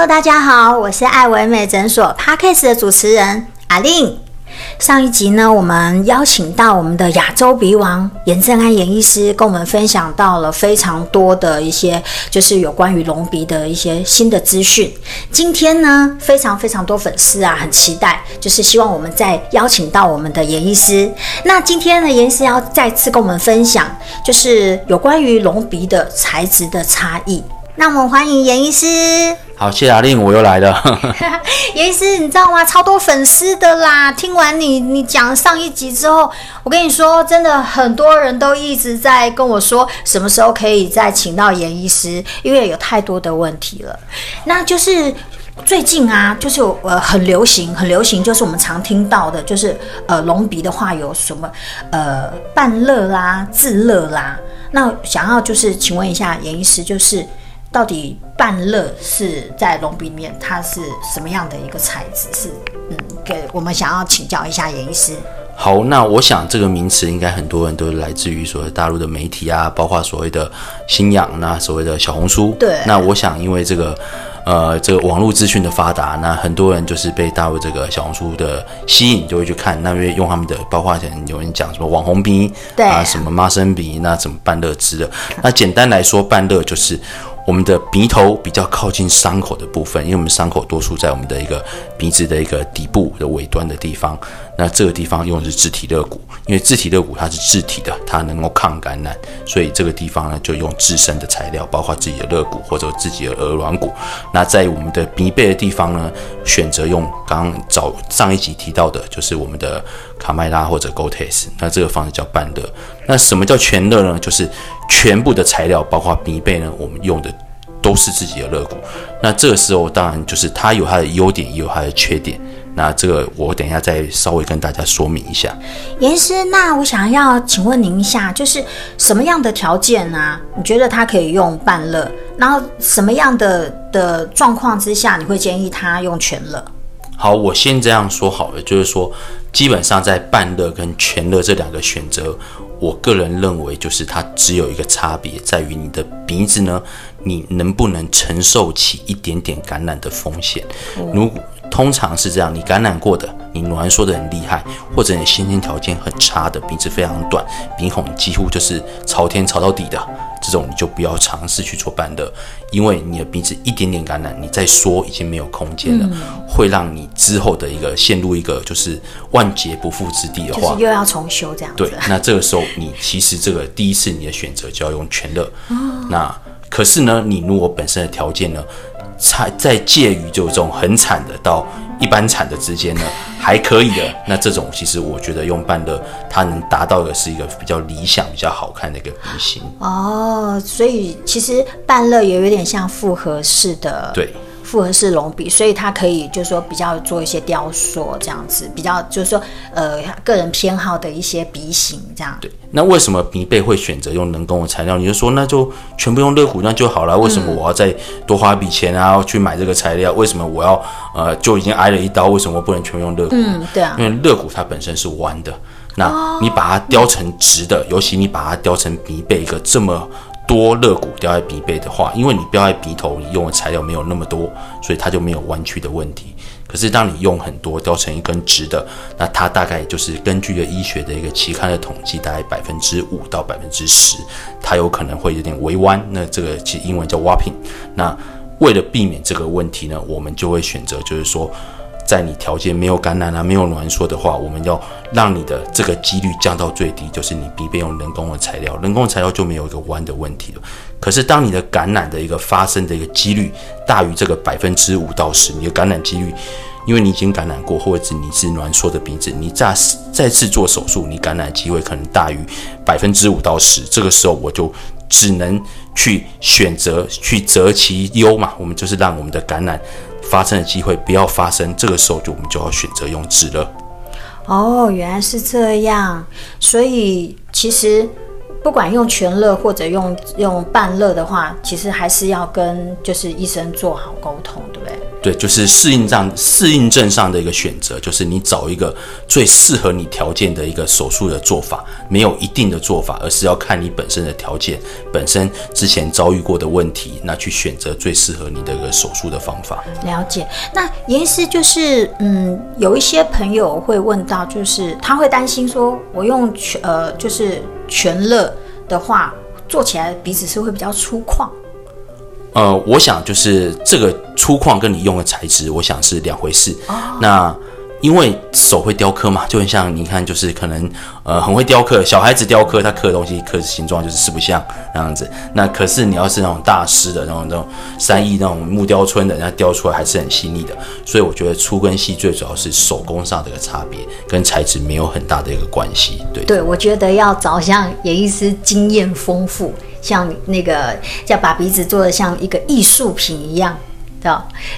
Hello，大家好，我是愛惟美診所 Podcast 的主持人阿玲。上一集呢，我們邀請到我們的亞洲鼻王顏正安顏醫師，跟我們分享到了非常多的一些，就是有關於隆鼻的一些新的資訊。今天呢，非常非常多粉絲啊，很期待，就是希望我們再邀請到我們的顏醫師。那今天的顏醫師要再次跟我們分享，就是有關於隆鼻的材質的差異。那我們歡迎顏醫師。好，謝達令，我又來了。顏醫 師，你知道嗎？超多粉絲的啦！聽完你你講上一集之後，我跟你說，真的很多人都一直在跟我說，什麼時候可以再請到顏醫師，因為有太多的問題了。那就是最近啊，就是有呃，很流行，很流行，就是我們常聽到的，就是呃，隆鼻的話有什麼呃，半肋啦、自肋啦。那想要就是請問一下顏醫師，就是。到底半肋是在隆鼻面，它是什麼樣的一個材質是？是嗯，給我們想要請教一下，顏醫師。好，那我想這個名詞應該很多人都來自於所謂大陸的媒體啊，包括所謂的新氧，啊，所謂的小紅書。對。那我想，因為這個呃，這個網絡資訊的發達，那很多人就是被大陸這個小紅書的吸引，就會去看。那因為用他們的，包括前有人講什麼網紅鼻對，對啊，什麼媽生鼻，那怎麼半肋之的。好那簡單來說，半肋就是。我們的鼻頭比較靠近傷口的部分，因為我們傷口多數在我們的一個鼻子的一個底部的尾端的地方。那這個地方用的是自體肋骨，因為自體肋骨它是自體的，它能夠抗感染，所以這個地方呢就用自身的材料，包括自己的肋骨或者自己的耳軟骨。那在我們的鼻背的地方呢，選擇用剛早上一集提到的，就是我們的卡麥拉或者 g o l t e s，那這個方式叫半樂，那什麼叫全樂呢？就是。全部的材料，包括鼻背呢，我們用的都是自己的肋骨。那這個時候，當然就是它有它的優點，也有它的缺點。那這個我等一下再稍微跟大家說明一下。顏醫師，那我想要請問您一下，就是什麼樣的條件啊？你覺得它可以用半肋，然後什麼樣的的狀況之下，你會建議它用全肋？好，我先這樣說好了，就是說，基本上在半肋跟全肋這兩個選擇，我個人認為就是它只有一個差別，在於你的鼻子呢，你能不能承受起一點點感染的風險。嗯、如果通常是這樣，你感染過的，你攣縮得很厲害，或者你先天條件很差的，鼻子非常短，鼻孔幾乎就是朝天朝到底的。這種你就不要嘗試去做半的，因為你的鼻子一點點感染，你再說已經沒有空間了，嗯、會讓你之後的一個陷入一個就是萬劫不復之地的話，又要重修這樣子。對，那這個時候你其實這個第一次你的選擇就要用全肋。 那可是呢，你如果本身的條件呢，差在介於就這種很慘的到。一般產的之間呢，還可以的，那這種其實我覺得用半肋，它能達到的是一個比較理想、比較好看的一個鼻型哦，所以其實半肋也有點像複合式的對。複合式隆鼻，所以它可以就是說比較做一些雕塑這樣子，比較就是說呃個人偏好的一些鼻型這樣。對。那為什麼鼻背會選擇用人工的材料？你就說那就全部用肋骨那就好了，為什麼我要再多花一筆錢然後、啊嗯、去買這個材料？為什麼我要呃就已經挨了一刀，為什麼我不能全部用肋骨？嗯，對啊。因為肋骨它本身是彎的，那你把它雕成直的，哦、尤其你把它雕成鼻背一個這麼。多肋骨雕在鼻背的話，因為你雕在鼻頭，你用的材料沒有那麼多，所以它就沒有彎曲的問題。可是當你用很多雕成一根直的，那它大概就是根據了醫學的一個期刊的統計，大概百分之五到百分之十，它有可能會有點微彎。那這個其實英文叫 warping，那為了避免這個問題呢，我們就會選擇就是說。在你條件沒有感染啊，沒有攣縮的話，我們要讓你的這個幾率降到最低，就是你裡邊用人工的材料，人工的材料就沒有一個彎的問題了。可是，當你的感染的一個發生的一個幾率大於這個百分之五到十，你的感染幾率，因為你已經感染過，或者你是攣縮的鼻子，你再再次做手術，你感染的機會可能大於百分之五到十。這個時候，我就只能去選擇去擇其優嘛，我們就是讓我們的感染。發生的機會不要發生，這個時候就我們就要選擇用自肋。哦，原來是這樣，所以其實不管用全肋或者用用半肋的話，其實還是要跟就是醫生做好溝通。對，就是適應症適應症上的一個選擇，就是你找一個最適合你條件的一個手術的做法，沒有一定的做法，而是要看你本身的條件，本身之前遭遇過的問題，那去選擇最適合你的一個手術的方法。嗯、了解，那顏醫師就是，嗯，有一些朋友會問到，就是他會擔心說，我用全呃，就是全肋的話，做起來鼻子是會比較粗獷。呃，我想就是這個粗獷跟你用的材質，我想是兩回事。哦、那。因為手會雕刻嘛，就很像你看，就是可能，呃，很會雕刻，小孩子雕刻，他刻的東西刻的形狀就是四不像那樣子。那可是你要是那種大師的那種那種三義那種木雕村的，人家雕出來還是很細膩的。所以我覺得粗跟細最主要是手工上的一個差別，跟材質沒有很大的一個關係。對對，我覺得要找像顏醫師經驗豐富，像那個要把鼻子做得像一個藝術品一樣。對，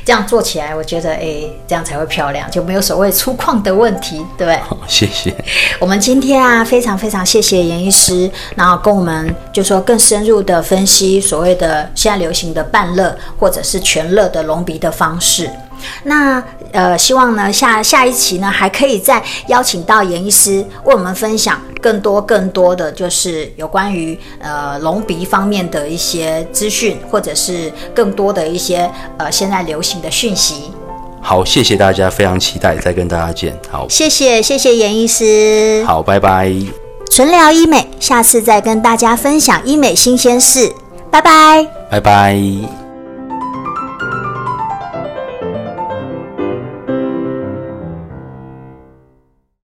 這樣做起來，我覺得哎、欸，這樣才會漂亮，就沒有所謂粗獷的問題，對好、哦，謝謝。我們今天啊，非常非常謝謝顏醫師，然後跟我們就是說更深入的分析所謂的現在流行的半肋或者是全肋的隆鼻的方式。那呃，希望呢下下一期呢還可以再邀請到顏醫師為我們分享更多更多的就是有關於呃隆鼻方面的一些資訊，或者是更多的一些呃現在流行的訊息。好，謝謝大家，非常期待再跟大家見。好，謝謝謝謝顏醫師。好，拜拜。淳聊醫美，下次再跟大家分享醫美新鮮事。拜拜，拜拜。